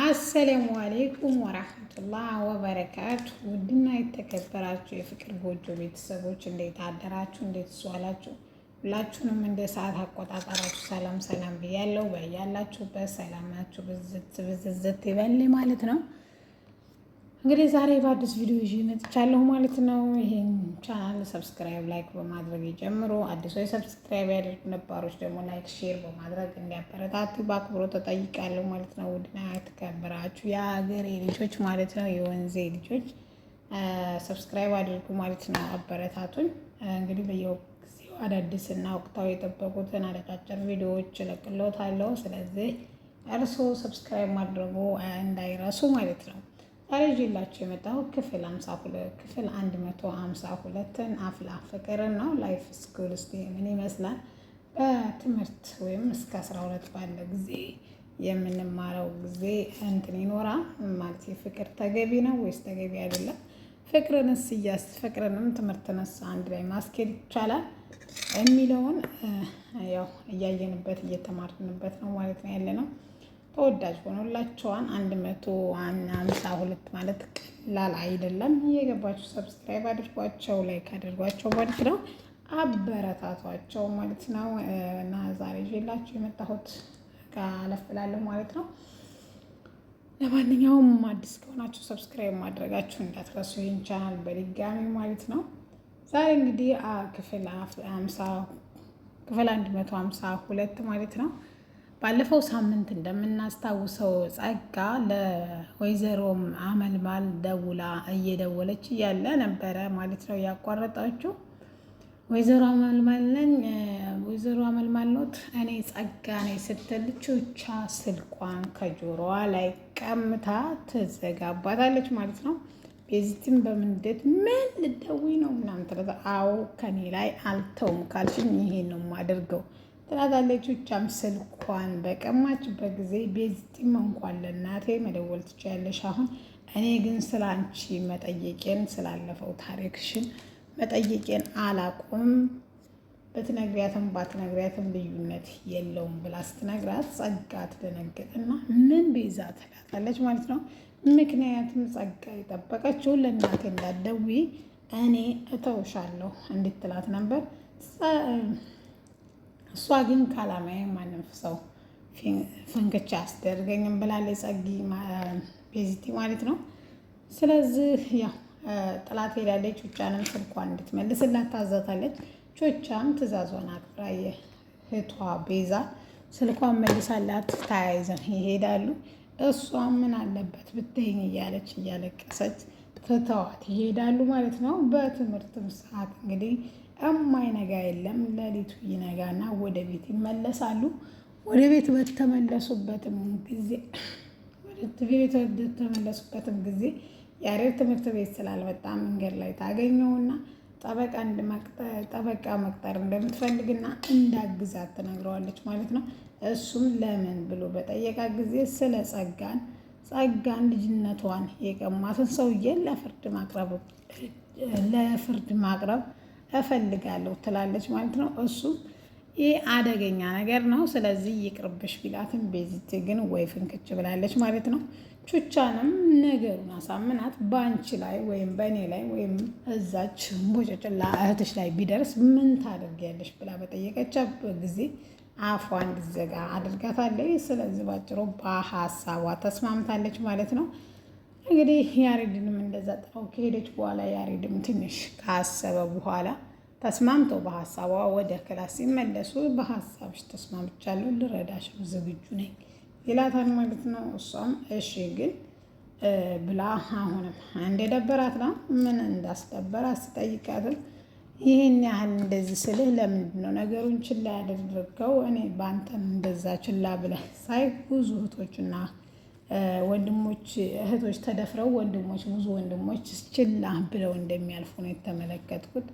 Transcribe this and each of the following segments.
አሰላሙ አሌይኩም ወራህመቱላህ ወበረካቱ። ውድና የተከበራችሁ የፍቅር ጎጆ ቤተሰቦች እንዴት አደራችሁ? እንዴት ስዋላችሁ ሁላችሁንም እንደ ሰዓት አቆጣጠራችሁ ሰላም ሰላም ብያለሁ። በያላችሁበት ሰላማችሁ ብዝት ብዝዝት ይበል ማለት ነው። እንግዲህ ዛሬ በአዲስ ቪዲዮ ይዤ መጥቻለሁ ማለት ነው። ይሄን ቻናል ሰብስክራይብ፣ ላይክ በማድረግ ጀምሮ አዲሶ ሰብስክራይብ ያደርጉ፣ ነባሮች ደግሞ ላይክ፣ ሼር በማድረግ እንዲያበረታቱ በአክብሮ ተጠይቃለሁ ማለት ነው። ውድና የተከበራችሁ የሀገሬ ልጆች ማለት ነው፣ የወንዜ ልጆች ሰብስክራይብ አድርጉ ማለት ነው። አበረታቱን። እንግዲህ በየጊዜው አዳዲስ እና ወቅታዊ የጠበቁትን አጫጭር ቪዲዮዎች እለቅሎታለሁ። ስለዚህ እርሶ ሰብስክራይብ ማድረጉ እንዳይረሱ ማለት ነው። ዛሬ ይዤላችሁ የመጣሁት ክፍል 52 ክፍል 152 መቶ አፍላ ፍቅርን ነው። ላይፍ ስኩል ስ ምን ይመስላል በትምህርት ወይም እስከ 12 ሁለት ባለው ጊዜ የምንማረው ጊዜ እንትን ይኖራል ማለት ፍቅር ተገቢ ነው ወይስ ተገቢ አይደለም? ፍቅርን ስያስ ፍቅርንም ትምህርትንስ አንድ ላይ ማስኬድ ይቻላል የሚለውን ያው እያየንበት እየተማርንበት ነው ማለት ነው ያለ ነው። ተወዳጅ ሆኖላቸዋን አንድ መቶ ሃምሳ ሁለት ማለት ቀላል አይደለም። እየገባችሁ ሰብስክራይብ አድርጓቸው፣ ላይክ አድርጓቸው ማለት ነው። አበረታቷቸው ማለት ነው። እና ዛሬ ይዤላችሁ የመጣሁት አለፍ ማለት ነው። ለማንኛውም አዲስ ከሆናችሁ ሰብስክራይብ ማድረጋችሁ እንዳትረሱ ይህን ቻናል በድጋሚ ማለት ነው። ዛሬ እንግዲህ ክፍል ክፍል አንድ መቶ ሁለት ማለት ነው ባለፈው ሳምንት እንደምናስታውሰው ጸጋ ለወይዘሮ አመልማል ደውላ እየደወለች እያለ ነበረ ማለት ነው ያቋረጠችው። ወይዘሮ አመልማል ነኝ፣ ወይዘሮ አመልማል ኖት፣ እኔ ጸጋ ነኝ ስትል ቹቻ ስልኳን ከጆሮዋ ላይ ቀምታ ትዘጋባታለች ማለት ነው። ቤዚትም በምንደት ምን ልደዊ ነው ምናምን ትለታ፣ አዎ ከኔ ላይ አልተውም ካልሽኝ ይሄን ነው የማደርገው ትላታለች። ብቻም ስልኳን በቀማችበት ጊዜ ቤዚጢም እንኳን ለእናቴ መደወል ትችያለሽ፣ አሁን እኔ ግን ስለ አንቺ መጠየቄን ስላለፈው ታሪክሽን መጠየቄን አላቁም። በትነግሪያትም ባትነግሪያትም ልዩነት የለውም ብላ ስትነግራት ጸጋ እና ምን ቤዛ ትላታለች ማለት ነው። ምክንያቱም ጸጋ የጠበቀችው ለእናቴ እንዳደዊ እኔ እተውሻለሁ እንድትላት ነበር። እሷ ግን ካላማዬ ማንም ሰው ፍንክቻ አስደርገኝም ብላለች፣ ጸጊ ቤዚቲ ማለት ነው። ስለዚህ ያው ጥላት ሄዳለች። ቾቻንም ስልኳን እንድትመልስላት ታዛታለች። ቾቻም ትእዛዟን አክብራ የእህቷ ቤዛ ስልኳን መልሳላት ተያይዘን ይሄዳሉ። እሷም ምን አለበት ብትይኝ እያለች እያለቀሰች ትተዋት ይሄዳሉ ማለት ነው። በትምህርትም ሰዓት እንግዲህ የማይነጋ የለም። ሌሊቱ ይነጋና ወደ ቤት ይመለሳሉ። ወደ ቤት በተመለሱበትም ጊዜ በተመለሱበትም ጊዜ ያሬድ ትምህርት ቤት ስላልመጣ መንገድ ላይ ታገኘውና ጠበቃ ጠበቃ መቅጠር እንደምትፈልግና እንዳግዛት ትነግረዋለች ማለት ነው። እሱም ለምን ብሎ በጠየቃ ጊዜ ስለ ጸጋን ጸጋን ልጅነቷን የቀማትን ሰውዬ ለፍርድ ማቅረብ ለፍርድ ማቅረብ እፈልጋለሁ ትላለች ማለት ነው። እሱም ይህ አደገኛ ነገር ነው፣ ስለዚህ ይቅርብሽ ቢላትም ቤዚት ግን ወይ ፍንክች ብላለች ማለት ነው። ቹቻንም ነገሩን አሳምናት በአንቺ ላይ ወይም በእኔ ላይ ወይም እዛች ቦጨጭላ እህትሽ ላይ ቢደርስ ምን ታደርጊያለሽ ብላ በጠየቀቻ ጊዜ አፏ እንድዘጋ አድርጋታለች። ስለዚህ ባጭሩ በሀሳቧ ተስማምታለች ማለት ነው። እንግዲህ ያሬድንም እንደዛ ጥፋው ከሄደች በኋላ ያሬድም ትንሽ ካሰበ በኋላ ተስማምተው በሀሳቧ ወደ ክላስ ሲመለሱ በሀሳብሽ ተስማምቻለሁ፣ ልረዳሽም ዝግጁ ነኝ ይላታል ማለት ነው። እሷም እሺ ግን ብላ አሁንም አንድ የደበራት ነው። ምን እንዳስደበራት ስጠይቃትም ይህን ያህል እንደዚህ ስልህ ለምንድን ነው ነገሩን ችላ ያደረገው? እኔ በአንተም እንደዛ ችላ ብለህ ሳይ ብዙ እህቶችና ወንድሞች እህቶች ተደፍረው ወንድሞች ብዙ ወንድሞች ችላ ብለው እንደሚያልፉ ነው የተመለከትኩት።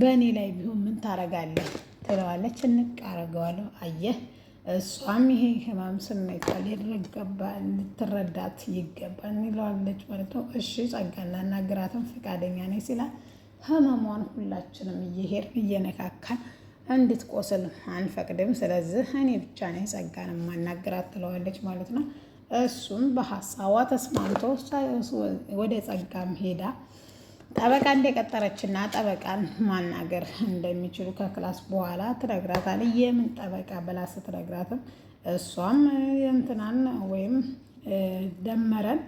በእኔ ላይ ቢሆን ምን ታረጋለህ ትለዋለች። እንቅ አረገዋለሁ። አየህ እሷም ይሄ ህማም ስሜቷ ልትረዳት ይገባል ይለዋለች ማለት ነው። እሺ ጸጋና እናግራትን ፈቃደኛ ነኝ ሲላል ህመሟን ሁላችንም እየሄድን እየነካካል እንድትቆስል አንፈቅድም። ስለዚህ እኔ ብቻ ነኝ ጸጋን ማናግራት ትለዋለች ማለት ነው። እሱም በሀሳቧ ተስማምቶ ወደ ጸጋም ሄዳ ጠበቃ እንደቀጠረችና ጠበቃን ማናገር እንደሚችሉ ከክላስ በኋላ ትነግራታለች። የምን ጠበቃ ብላ ስትነግራትም እሷም እንትናን ወይም ደመረን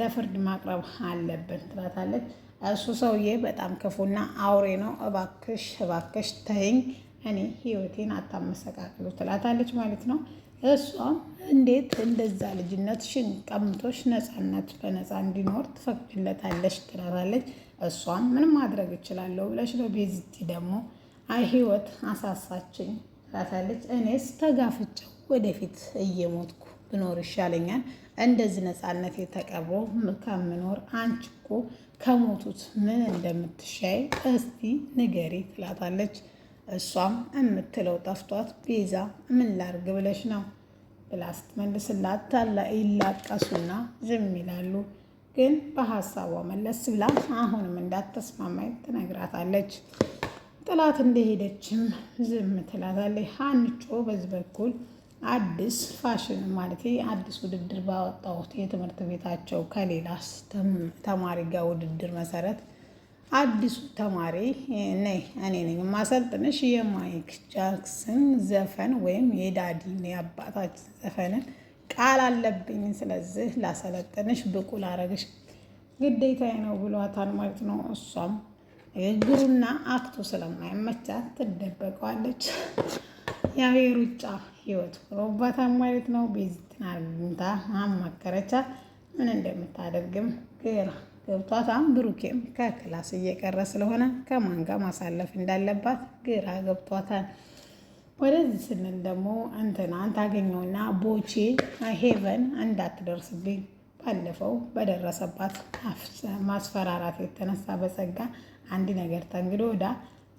ለፍርድ ማቅረብ አለብን ትላታለች። እሱ ሰውዬ በጣም ክፉና አውሬ ነው፣ እባክሽ እባክሽ ተይኝ፣ እኔ ህይወቴን አታመሰቃቅሉ ትላታለች ማለት ነው። እሷም እንዴት እንደዛ ልጅነትሽን ቀምቶች ነፃነት በነፃ እንዲኖር ትፈቅድለታለሽ ትረራለች። እሷም ምን ማድረግ እችላለሁ ብለሽ ነው። ደግሞ አይ ህይወት አሳሳችኝ ትላታለች። እኔስ ተጋፍጨው ወደፊት እየሞትኩ ብኖር ይሻለኛል እንደዚህ ነፃነት የተቀበ ከምኖር አንቺ እኮ ከሞቱት ምን እንደምትሻይ እስቲ ንገሪ ትላታለች። እሷም የምትለው ጠፍቷት ቤዛ ምን ላርግ ብለሽ ነው ብላ ስትመልስላት ታላ ይላቀሱና ዝም ይላሉ። ግን በሀሳቧ መለስ ብላ አሁንም እንዳትስማማኝ ትነግራታለች። ጥላት እንደሄደችም ዝም ትላታለች። ሀንጮ በዚህ በኩል አዲስ ፋሽን ማለት አዲስ ውድድር ባወጣሁት የትምህርት ቤታቸው ከሌላ ተማሪ ጋር ውድድር መሰረት አዲሱ ተማሪ ነይ እኔ ነኝ የማሰልጥንሽ የማይክ ጃክስን ዘፈን ወይም የዳዲ የአባታችን ዘፈንን ቃል አለብኝ። ስለዚህ ላሰለጥንሽ ብቁ ላረግሽ ግዴታዬ ነው ብሏታል ማለት ነው። እሷም ንግግሩና አክቱ ስለማይመቻት ትደበቀዋለች። ያው የሩጫ ህይወት ሆኖባታል ማለት ነው። ቤዚትን አግኝታ አማከረቻት። ምን እንደምታደርግም ግራ ገብቷታም ብሩኬም ከክላስ እየቀረ ስለሆነ ከማን ጋር ማሳለፍ እንዳለባት ግራ ገብቷታል። ወደዚህ ስንል ደግሞ እንትና ታገኘውና ቦቼ ሄቨን እንዳትደርስብኝ ባለፈው በደረሰባት ማስፈራራት የተነሳ በጸጋ አንድ ነገር ተንግዶ ወዳ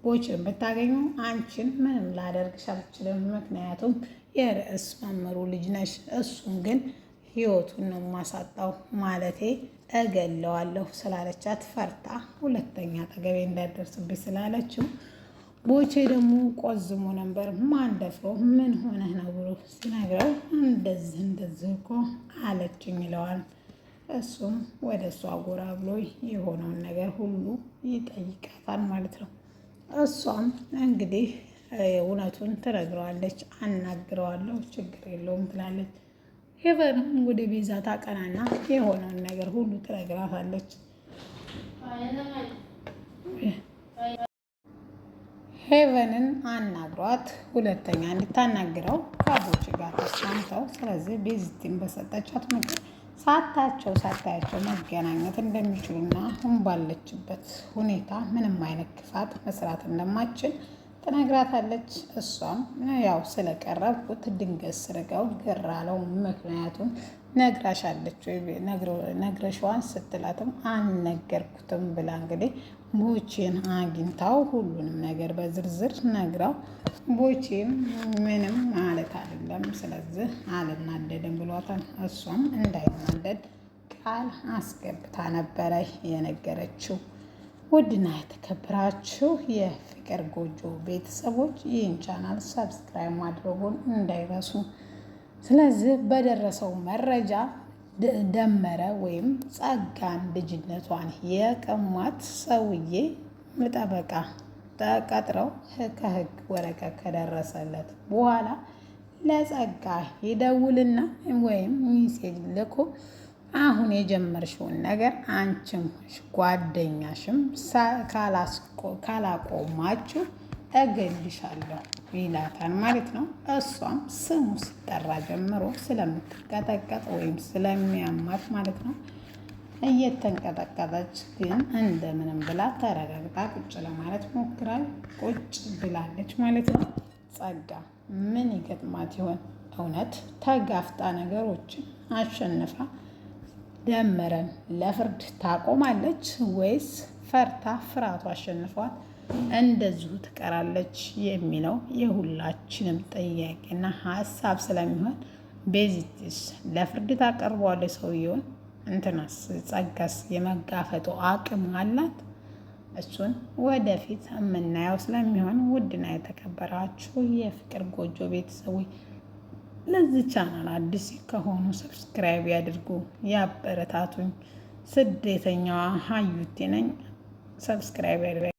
ቦችን ብታገኙ አንቺን ምንም ላደርግሽ አልችልም፣ ምክንያቱም የርዕስ መምሩ ልጅ ነሽ። እሱን ግን ህይወቱን ነው የማሳጣው ማለቴ እገለዋለሁ ስላለቻት ፈርታ ሁለተኛ አጠገቤ እንዳደርስብኝ ስላለችው ቦቼ ደግሞ ቆዝሞ ነበር። ማን ደፍሮ ምን ሆነህ ነው ብሎ ሲነግረው እንደዚህ እንደዚህ እኮ አለችኝ ይለዋል። እሱም ወደ እሷ ጎራ ብሎ የሆነውን ነገር ሁሉ ይጠይቃታል ማለት ነው። እሷም እንግዲህ እውነቱን ትነግረዋለች። አናግረዋለሁ ችግር የለውም ትላለች። ሄቨንም ወደ ቤዛ ታቀናና የሆነውን ነገር ሁሉ ትነግራታለች። ሄቨንን አናግሯት ሁለተኛ እንድታናግረው ከአቦች ጋር ተስማምተው፣ ስለዚህ ቤዝቲን በሰጠቻት ምክር ሳታቸው ሳታያቸው መገናኘት እንደሚችሉና አሁን ባለችበት ሁኔታ ምንም አይነት ክፋት መስራት እንደማችል ትነግራታለች። እሷም ያው ስለቀረብኩት ድንገት ስርጋው ግራለው ምክንያቱም ነግራሻለች ወይ ነግረሽዋን ስትላትም አልነገርኩትም ብላ እንግዲህ ቦቼን አግኝታው ሁሉንም ነገር በዝርዝር ነግራው ቦቼም ምንም ማለት አይደለም፣ ስለዚህ አልናደድም ብሏታል። እሷም እንዳይናደድ ቃል አስገብታ ነበረ የነገረችው። ውድና የተከበራችሁ የፍቅር ጎጆ ቤተሰቦች ይህን ቻናል ሰብስክራይብ ማድረጉን እንዳይረሱ። ስለዚህ በደረሰው መረጃ ደመረ ወይም ጸጋን ልጅነቷን የቀሟት ሰውዬ ጠበቃ ተቀጥረው ከህግ ወረቀት ከደረሰለት በኋላ ለጸጋ ይደውልና ወይም ሚሴጅ ልኮ አሁን የጀመርሽውን ነገር አንቺም ሆንሽ ጓደኛሽም ካላቆማችሁ እገልሻለሁ ይላታል ማለት ነው። እሷም ስሙ ሲጠራ ጀምሮ ስለምትቀጠቀጥ ወይም ስለሚያማት ማለት ነው እየተንቀጠቀጠች ግን እንደምንም ብላ ተረጋግጣ ቁጭ ለማለት ሞክራል። ቁጭ ብላለች ማለት ነው። ጸጋ ምን ይገጥማት ይሆን? እውነት ተጋፍጣ ነገሮችን አሸንፋ ደመረን ለፍርድ ታቆማለች ወይስ ፈርታ ፍርሃቱ አሸንፏት እንደዚሁ ትቀራለች የሚለው የሁላችንም ጥያቄና ሀሳብ ስለሚሆን ቤዚትስ ለፍርድ ታቀርበዋለች። ሰውየውን እንትናስ ጸጋስ የመጋፈጡ አቅም አላት። እሱን ወደፊት የምናየው ስለሚሆን ውድና የተከበራችሁ የፍቅር ጎጆ ቤተሰቦች ለዚህ ቻናል አዲስ ከሆኑ ሰብስክራይብ ያድርጉ፣ ያበረታቱኝ። ስደተኛዋ ሀዩቲ ነኝ። ሰብስክራይብ ያድርጉ።